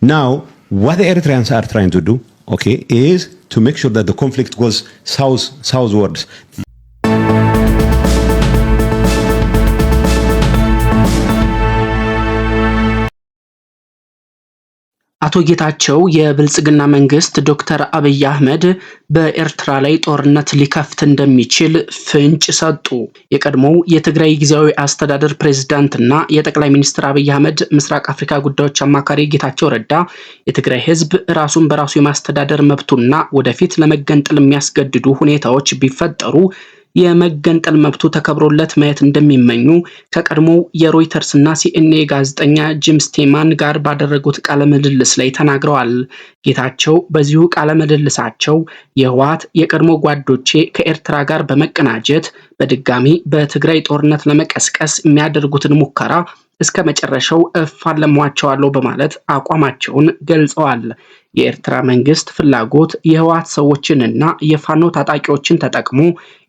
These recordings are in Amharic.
Now, what the Eritreans are trying to do, okay, is to make sure that the conflict goes south, southwards. አቶ ጌታቸው የብልጽግና መንግስት ዶክተር አብይ አህመድ በኤርትራ ላይ ጦርነት ሊከፍት እንደሚችል ፍንጭ ሰጡ። የቀድሞው የትግራይ ጊዜያዊ አስተዳደር ፕሬዝዳንትና የጠቅላይ ሚኒስትር አብይ አህመድ ምስራቅ አፍሪካ ጉዳዮች አማካሪ ጌታቸው ረዳ የትግራይ ህዝብ ራሱን በራሱ የማስተዳደር መብቱና ወደፊት ለመገንጠል የሚያስገድዱ ሁኔታዎች ቢፈጠሩ የመገንጠል መብቱ ተከብሮለት ማየት እንደሚመኙ ከቀድሞው እና ሲኤንኤ ጋዜጠኛ ጂም ስቴማን ጋር ባደረጉት ቃለ ምልልስ ላይ ተናግረዋል። ጌታቸው በዚሁ ቃለ ምልልሳቸው የህወሓት የቀድሞ ጓዶቼ ከኤርትራ ጋር በመቀናጀት በድጋሚ በትግራይ ጦርነት ለመቀስቀስ የሚያደርጉትን ሙከራ እስከ መጨረሻው እፋለሟቸዋለሁ በማለት አቋማቸውን ገልጸዋል። የኤርትራ መንግስት ፍላጎት የህወሓት ሰዎችንና የፋኖ ታጣቂዎችን ተጠቅሞ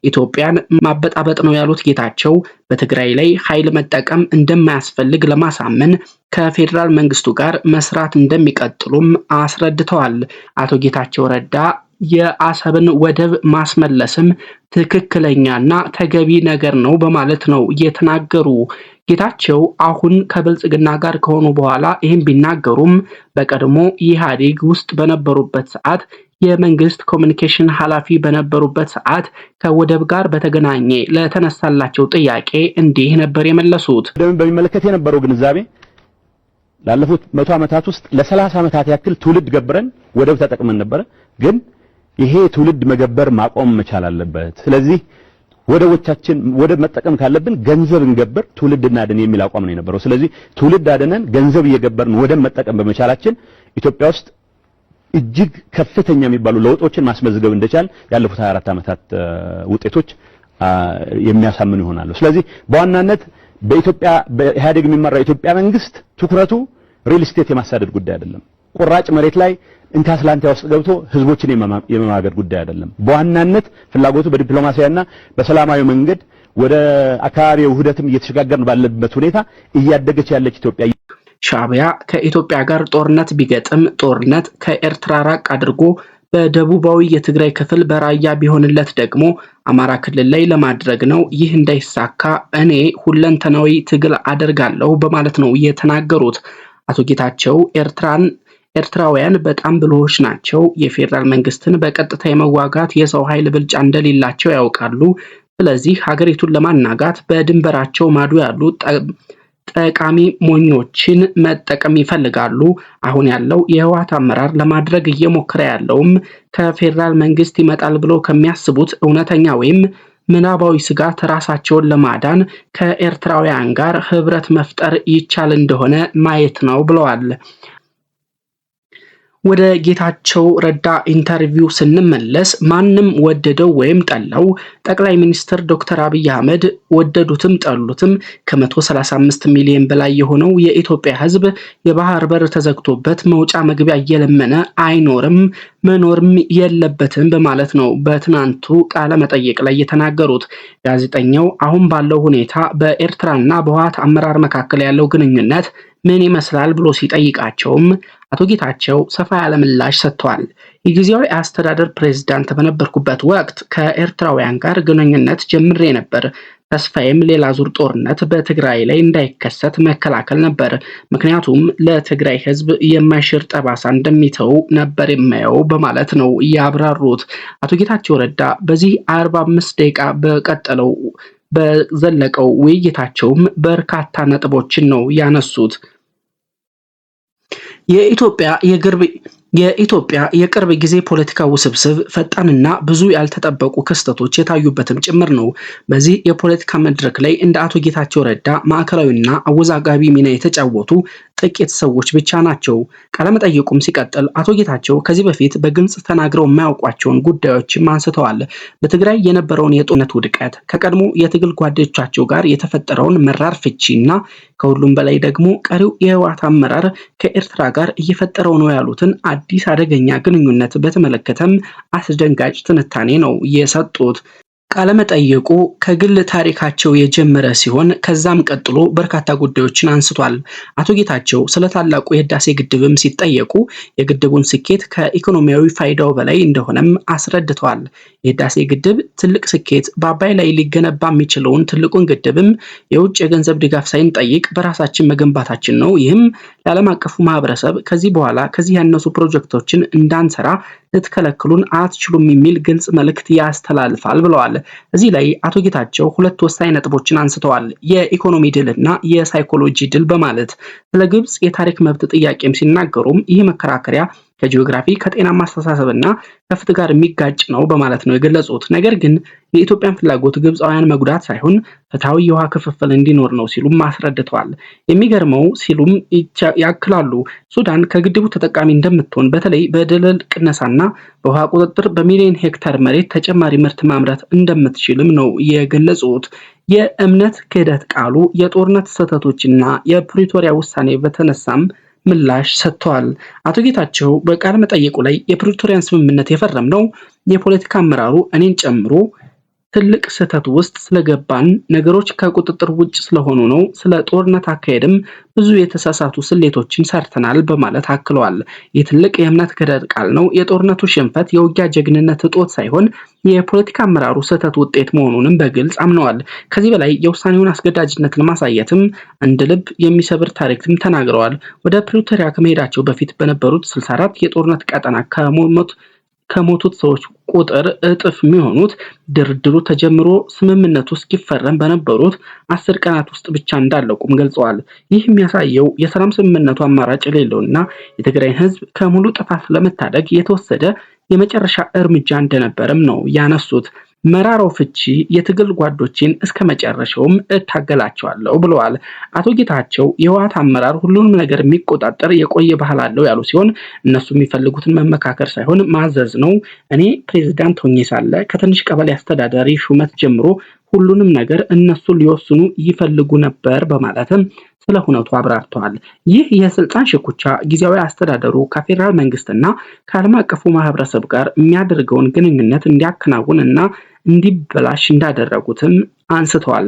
ኢትዮጵያን ማበጣበጥ ነው ያሉት ጌታቸው በትግራይ ላይ ኃይል መጠቀም እንደማያስፈልግ ለማሳመን ከፌዴራል መንግስቱ ጋር መስራት እንደሚቀጥሉም አስረድተዋል። አቶ ጌታቸው ረዳ የአሰብን ወደብ ማስመለስም ትክክለኛና ተገቢ ነገር ነው በማለት ነው የተናገሩ። ጌታቸው አሁን ከብልጽግና ጋር ከሆኑ በኋላ ይህም ቢናገሩም በቀድሞ ኢህአዴግ ውስጥ በነበሩበት ሰዓት የመንግስት ኮሚኒኬሽን ኃላፊ በነበሩበት ሰዓት ከወደብ ጋር በተገናኘ ለተነሳላቸው ጥያቄ እንዲህ ነበር የመለሱት። ወደብን በሚመለከት የነበረው ግንዛቤ ላለፉት መቶ ዓመታት ውስጥ ለሰላሳ ዓመታት ያክል ትውልድ ገብረን ወደብ ተጠቅመን ነበረ ግን ይሄ ትውልድ መገበር ማቆም መቻል አለበት። ስለዚህ ወደቦቻችን ወደብ መጠቀም ካለብን ገንዘብ እንገብር፣ ትውልድ እናድን የሚል አቋም ነው የነበረው። ስለዚህ ትውልድ አድነን ገንዘብ እየገበርን ወደብ መጠቀም በመቻላችን ኢትዮጵያ ውስጥ እጅግ ከፍተኛ የሚባሉ ለውጦችን ማስመዝገብ እንደቻል ያለፉት 24 ዓመታት ውጤቶች የሚያሳምኑ ይሆናሉ። ስለዚህ በዋናነት በኢትዮጵያ በኢህአዴግ የሚመራው የኢትዮጵያ መንግስት ትኩረቱ ሪል ስቴት የማሳደድ ጉዳይ አይደለም። ቁራጭ መሬት ላይ እንካ አትላንታ ውስጥ ገብቶ ህዝቦችን የመማገድ ጉዳይ አይደለም። በዋናነት ፍላጎቱ በዲፕሎማሲያና በሰላማዊ መንገድ ወደ አካባቢ ውህደትም እየተሸጋገርን ባለበት ሁኔታ እያደገች ያለች ኢትዮጵያ ሻዕቢያ ከኢትዮጵያ ጋር ጦርነት ቢገጥም ጦርነት ከኤርትራ ራቅ አድርጎ በደቡባዊ የትግራይ ክፍል በራያ ቢሆንለት ደግሞ አማራ ክልል ላይ ለማድረግ ነው። ይህ እንዳይሳካ እኔ ሁለንተናዊ ትግል አደርጋለሁ በማለት ነው የተናገሩት አቶ ጌታቸው ኤርትራን ኤርትራውያን በጣም ብልሆች ናቸው። የፌዴራል መንግስትን በቀጥታ የመዋጋት የሰው ኃይል ብልጫ እንደሌላቸው ያውቃሉ። ስለዚህ ሀገሪቱን ለማናጋት በድንበራቸው ማዶ ያሉ ጠቃሚ ሞኞችን መጠቀም ይፈልጋሉ። አሁን ያለው የህወሓት አመራር ለማድረግ እየሞከረ ያለውም ከፌዴራል መንግስት ይመጣል ብለው ከሚያስቡት እውነተኛ ወይም ምናባዊ ስጋት ራሳቸውን ለማዳን ከኤርትራውያን ጋር ህብረት መፍጠር ይቻል እንደሆነ ማየት ነው ብለዋል። ወደ ጌታቸው ረዳ ኢንተርቪው ስንመለስ ማንም ወደደው ወይም ጠላው ጠቅላይ ሚኒስትር ዶክተር አብይ አህመድ ወደዱትም ጠሉትም ከ135 ሚሊዮን በላይ የሆነው የኢትዮጵያ ሕዝብ የባህር በር ተዘግቶበት መውጫ መግቢያ እየለመነ አይኖርም መኖርም የለበትም በማለት ነው በትናንቱ ቃለ መጠይቅ ላይ የተናገሩት። ጋዜጠኛው አሁን ባለው ሁኔታ በኤርትራና በህወሓት አመራር መካከል ያለው ግንኙነት ምን ይመስላል ብሎ ሲጠይቃቸውም አቶ ጌታቸው ሰፋ ያለ ምላሽ ሰጥተዋል። የጊዜያዊ አስተዳደር ፕሬዝዳንት በነበርኩበት ወቅት ከኤርትራውያን ጋር ግንኙነት ጀምሬ ነበር። ተስፋዬም ሌላ ዙር ጦርነት በትግራይ ላይ እንዳይከሰት መከላከል ነበር። ምክንያቱም ለትግራይ ሕዝብ የማይሽር ጠባሳ እንደሚተው ነበር የማየው በማለት ነው ያብራሩት። አቶ ጌታቸው ረዳ በዚህ አርባ አምስት ደቂቃ በቀጠለው በዘለቀው ውይይታቸውም በርካታ ነጥቦችን ነው ያነሱት። የኢትዮጵያ የግርብ የኢትዮጵያ የቅርብ ጊዜ ፖለቲካ ውስብስብ ፈጣንና ብዙ ያልተጠበቁ ክስተቶች የታዩበትም ጭምር ነው። በዚህ የፖለቲካ መድረክ ላይ እንደ አቶ ጌታቸው ረዳ ማዕከላዊና አወዛጋቢ ሚና የተጫወቱ ጥቂት ሰዎች ብቻ ናቸው። ቃለመጠይቁም ሲቀጥል አቶ ጌታቸው ከዚህ በፊት በግልጽ ተናግረው የማያውቋቸውን ጉዳዮችም አንስተዋል። በትግራይ የነበረውን የጦርነት ውድቀት፣ ከቀድሞ የትግል ጓደኞቻቸው ጋር የተፈጠረውን መራር ፍቺ እና ከሁሉም በላይ ደግሞ ቀሪው የህወሓት አመራር ከኤርትራ ጋር እየፈጠረው ነው ያሉትን አዲስ አደገኛ ግንኙነት በተመለከተም አስደንጋጭ ትንታኔ ነው የሰጡት። ቃለመጠየቁ ከግል ታሪካቸው የጀመረ ሲሆን ከዛም ቀጥሎ በርካታ ጉዳዮችን አንስቷል። አቶ ጌታቸው ስለ ታላቁ የህዳሴ ግድብም ሲጠየቁ የግድቡን ስኬት ከኢኮኖሚያዊ ፋይዳው በላይ እንደሆነም አስረድተዋል። የህዳሴ ግድብ ትልቅ ስኬት፣ በአባይ ላይ ሊገነባ የሚችለውን ትልቁን ግድብም የውጭ የገንዘብ ድጋፍ ሳይንጠይቅ በራሳችን መገንባታችን ነው። ይህም ለዓለም አቀፉ ማህበረሰብ ከዚህ በኋላ ከዚህ ያነሱ ፕሮጀክቶችን እንዳንሰራ ልትከለክሉን አትችሉም የሚል ግልጽ መልእክት ያስተላልፋል ብለዋል። እዚህ ላይ አቶ ጌታቸው ሁለት ወሳኝ ነጥቦችን አንስተዋል። የኢኮኖሚ ድል እና የሳይኮሎጂ ድል በማለት ስለ ግብፅ የታሪክ መብት ጥያቄም ሲናገሩም ይህ መከራከሪያ ከጂኦግራፊ ማስተሳሰብ እና ከፍትህ ጋር የሚጋጭ ነው በማለት ነው የገለጹት። ነገር ግን የኢትዮጵያን ፍላጎት ግብፃውያን መጉዳት ሳይሆን ፍትሐዊ የውሃ ክፍፍል እንዲኖር ነው ሲሉም አስረድተዋል። የሚገርመው ሲሉም ያክላሉ ሱዳን ከግድቡ ተጠቃሚ እንደምትሆን በተለይ በደለል ቅነሳና በውሃ ቁጥጥር በሚሊዮን ሄክታር መሬት ተጨማሪ ምርት ማምረት እንደምትችልም ነው የገለጹት። የእምነት ክህደት ቃሉ የጦርነት ስህተቶችና የፕሪቶሪያ ውሳኔ በተነሳም ምላሽ ሰጥተዋል። አቶ ጌታቸው በቃለ መጠይቁ ላይ የፕሪቶሪያን ስምምነት ነው የፖለቲካ አመራሩ እኔን ጨምሮ ትልቅ ስህተት ውስጥ ስለገባን ነገሮች ከቁጥጥር ውጭ ስለሆኑ ነው። ስለ ጦርነት አካሄድም ብዙ የተሳሳቱ ስሌቶችን ሰርተናል በማለት አክለዋል። ይህ ትልቅ የእምነት ገደል ቃል ነው። የጦርነቱ ሽንፈት የውጊያ ጀግንነት እጦት ሳይሆን የፖለቲካ አመራሩ ስህተት ውጤት መሆኑንም በግልጽ አምነዋል። ከዚህ በላይ የውሳኔውን አስገዳጅነት ለማሳየትም እንደ ልብ የሚሰብር ታሪክም ተናግረዋል። ወደ ፕሪቶሪያ ከመሄዳቸው በፊት በነበሩት 64 የጦርነት ቀጠና ከሞሞት ከሞቱት ሰዎች ቁጥር እጥፍ የሚሆኑት ድርድሩ ተጀምሮ ስምምነቱ እስኪፈረም በነበሩት አስር ቀናት ውስጥ ብቻ እንዳለቁም ገልጸዋል። ይህ የሚያሳየው የሰላም ስምምነቱ አማራጭ የሌለውና የትግራይን ሕዝብ ከሙሉ ጥፋት ለመታደግ የተወሰደ የመጨረሻ እርምጃ እንደነበረም ነው ያነሱት። መራራው ፍቺ የትግል ጓዶችን እስከ መጨረሻውም እታገላቸዋለሁ ብለዋል። አቶ ጌታቸው የህወሓት አመራር ሁሉንም ነገር የሚቆጣጠር የቆየ ባህል አለው ያሉ ሲሆን እነሱ የሚፈልጉትን መመካከር ሳይሆን ማዘዝ ነው። እኔ ፕሬዚዳንት ሆኜ ሳለ ከትንሽ ቀበሌ አስተዳዳሪ ሹመት ጀምሮ ሁሉንም ነገር እነሱ ሊወስኑ ይፈልጉ ነበር በማለትም ስለ ሁነቱ አብራርተዋል። ይህ የስልጣን ሽኩቻ ጊዜያዊ አስተዳደሩ ከፌዴራል መንግስትና ከዓለም አቀፉ ማህበረሰብ ጋር የሚያደርገውን ግንኙነት እንዲያከናውን እና እንዲበላሽ እንዳደረጉትም አንስተዋል።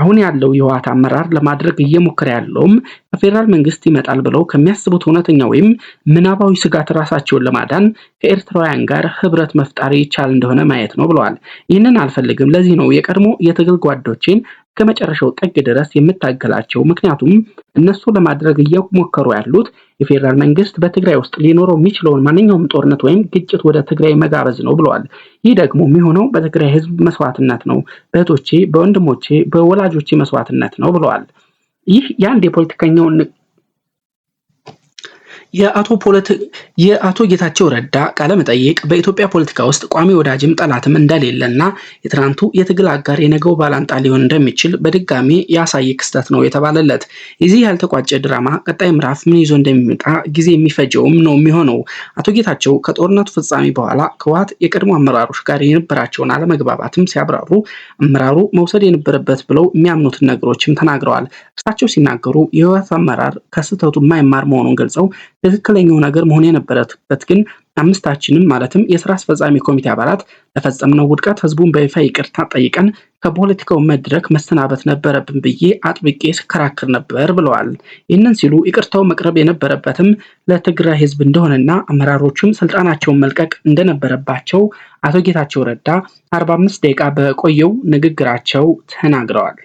አሁን ያለው የህወሓት አመራር ለማድረግ እየሞከረ ያለውም በፌዴራል መንግስት ይመጣል ብለው ከሚያስቡት እውነተኛ ወይም ምናባዊ ስጋት ራሳቸውን ለማዳን ከኤርትራውያን ጋር ህብረት መፍጠር ይቻል እንደሆነ ማየት ነው ብለዋል። ይህንን አልፈልግም። ለዚህ ነው የቀድሞ የትግል ጓዶቼን ከመጨረሻው ጥግ ድረስ የምታገላቸው። ምክንያቱም እነሱ ለማድረግ እየሞከሩ ያሉት የፌዴራል መንግስት በትግራይ ውስጥ ሊኖረው የሚችለውን ማንኛውም ጦርነት ወይም ግጭት ወደ ትግራይ መጋበዝ ነው ብለዋል። ይህ ደግሞ የሚሆነው በትግራይ ህዝብ መስዋዕትነት ነው፣ በእህቶቼ፣ በወንድሞቼ፣ በወላጆቼ መስዋዕትነት ነው ብለዋል። ይህ የአንድ የፖለቲከኛውን የአቶ ጌታቸው ረዳ መጠይቅ በኢትዮጵያ ፖለቲካ ውስጥ ቋሚ ወዳጅም ጠላትም እንደሌለና የትናንቱ የትግል አጋር የነገው ባላንጣ ሊሆን እንደሚችል በድጋሚ ያሳየ ክስተት ነው የተባለለት የዚህ ያልተቋጨ ድራማ ቀጣይ ምዕራፍ ምን ይዞ እንደሚመጣ ጊዜ የሚፈጀውም ነው የሚሆነው። አቶ ጌታቸው ከጦርነቱ ፍጻሜ በኋላ ከህወሓት የቀድሞ አመራሮች ጋር የነበራቸውን አለመግባባትም ሲያብራሩ አመራሩ መውሰድ የነበረበት ብለው የሚያምኑትን ነገሮችም ተናግረዋል። እርሳቸው ሲናገሩ የህወሓት አመራር ከስህተቱ የማይማር መሆኑን ገልጸው ትክክለኛው ነገር መሆን የነበረበት ግን አምስታችንም ማለትም የስራ አስፈጻሚ ኮሚቴ አባላት ለፈጸምነው ውድቀት ህዝቡን በይፋ ይቅርታ ጠይቀን ከፖለቲካው መድረክ መሰናበት ነበረብን ብዬ አጥብቄ ስከራክር ነበር ብለዋል። ይህንን ሲሉ ይቅርታው መቅረብ የነበረበትም ለትግራይ ህዝብ እንደሆነና አመራሮቹም ስልጣናቸውን መልቀቅ እንደነበረባቸው አቶ ጌታቸው ረዳ 45 ደቂቃ በቆየው ንግግራቸው ተናግረዋል።